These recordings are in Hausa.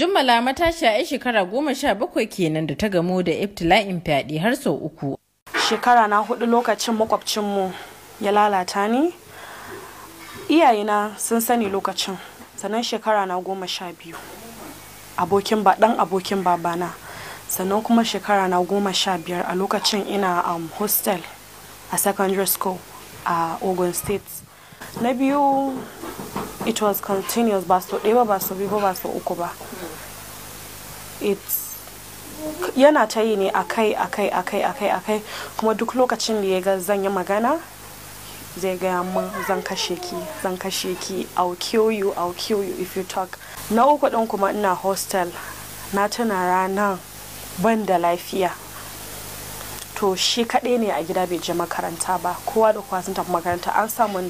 Jummala matashi a shekara goma sha bakwai kenan da ta gamo da iftila'in fyaɗe har sau uku. Shekara na hudu lokacin makwabcinmu ya lalata ni, iyayena sun sani lokacin, sannan shekara na goma sha biyu. Abokin ba ɗan abokin babana, sannan kuma shekara na goma sha biyar a lokacin ina um, hostel a secondary school a Ogun State. Na biyu it was continuous ba su ɗaya ba su biyu ba su uku ba. yana ta yi ne akai akai akai akai akai kuma duk lokacin da ya ga zan yi magana zai gaya min zan kashe ki zan kashe ki i'll kill you i'll kill you if you talk na uku din kuma ina hostel na tuna ranar ban da lafiya to shi kaɗai ne a gida bai je makaranta ba kowa da kowa sun tafi makaranta an samu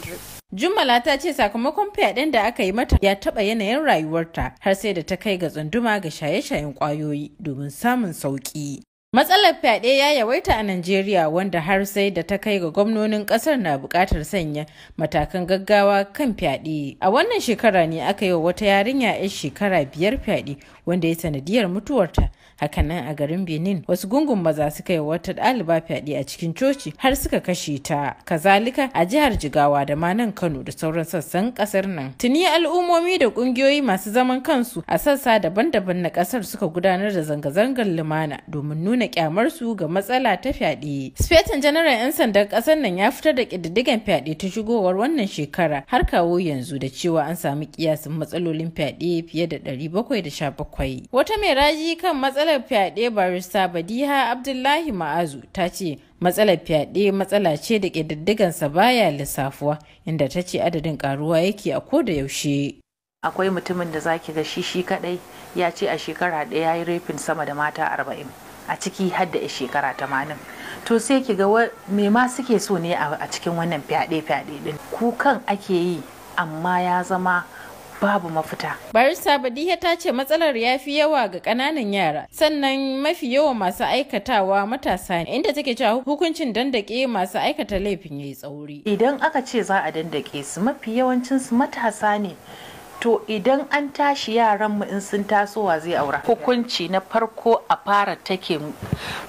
Jummala ta ce sakamakon fyaɗen da aka yi mata ya taɓa yanayin rayuwarta har sai da ta kai ga tsunduma ga shaye-shayen ƙwayoyi domin samun sauƙi. Matsalar fyaɗe ya yawaita a Najeriya wanda har sai da ta kai ga gwamnonin ƙasar na buƙatar sanya matakan gaggawa kan fyaɗe. A wannan shekara ne aka yi wa wata yarinya 'yar shekara biyar fyaɗe wanda ya sanadiyar mutuwarta. Hakanan a garin Benin wasu gungun maza suka yi wata ɗaliba fyaɗe a cikin coci har suka kashe ta. Kazalika a jihar Jigawa da ma nan Kano da sauran sassan ƙasar nan. Tuni al'ummomi da ƙungiyoyi masu zaman kansu a sassa daban-daban na ƙasar suka gudanar da zanga-zangar lumana domin nuna nuna kyamarsu ga matsala ta fyaɗe. Sufetin janaral 'yan sandan ƙasar nan ya fitar da ƙididdigan fyaɗe ta shigowar wannan shekara har kawo yanzu da cewa an samu kiyasin matsalolin fyaɗe fiye da 717. Wata mai raji kan matsalar fyaɗe barista Badiha Abdullahi Ma'azu ta ce matsalar fyaɗe matsala ce da sa baya lissafuwa inda ta ce adadin karuwa yake a ko da yaushe. Akwai mutumin da zaki ga shi shi kaɗai ya ce a shekara ɗaya ya yi rafin sama da mata arba'in. a ciki har da shekara tamanin to sai ki ga me ma suke so ne a cikin wannan fyaɗe fyaɗe din kukan ake yi amma ya zama babu mafita. Barista Badiya ta ce matsalar ya fi yawa ga ƙananan yara sannan mafi yawa masu aikatawa matasa ne inda take cewa hukuncin dandake masu aikata laifin ya yi tsauri. Idan aka ce za a dandake su mafi yawancin su matasa ne to idan an tashi yaran mu in sun tasowa zai aura hukunci na farko a fara take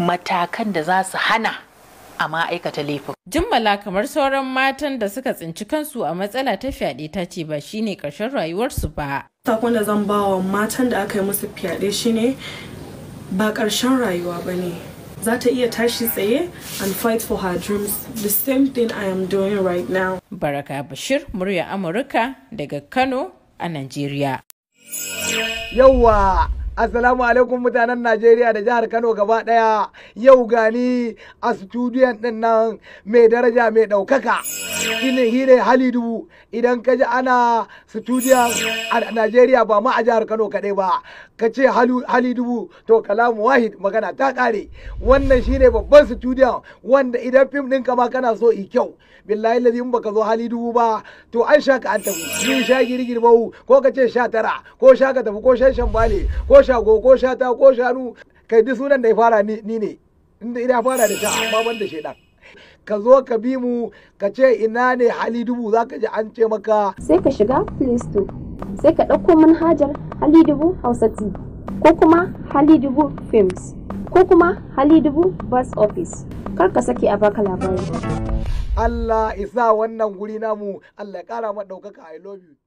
matakan da za su hana a ma'aikata laifin. Jummala kamar sauran matan da suka tsinci kansu a matsala ta fyaɗe ta ce ba shine ƙarshen rayuwarsu ba. Sakon da zan bawa matan da aka yi musu fyaɗe shine ba ƙarshen rayuwa ba ne. Za ta iya tashi tsaye and fight for her dreams. The same thing I am doing right now. Baraka Bashir, murya Amurka daga Kano, a Najeriya. Yawwa! Assalamu alaikum mutanen Najeriya da jihar Kano gaba ɗaya yau gani a studiyon ɗin nan mai daraja mai ɗaukaka. Shine hali dubu idan ka ji ana studiyon a Najeriya ba ma a jihar Kano kaɗai ba. ka ce hali dubu to kalamu wahid magana ta kare wannan shine babban studio wanda idan fim din ka ma kana so i kyau billahi lazi in baka zo hali dubu ba to an sha ka an tafi yi sha girgir bau ko ka ce sha tara ko sha ka tafi ko shan shambale ko go ko sha ta ko sha nu kai duk sunan da ya fara ni ne inda ina fara da sha amma ban da shaidan ka zo ka bi mu ka ce ina ne hali dubu za ka ji an ce maka sai ka shiga play store sai ka ɗauko manhajar halidubu hausa tv ko kuma halidubu films ko kuma halidubu bus office kar ka sake a baka labari Allah isa wannan guri namu Allah ya kara ma ɗaukaka I love you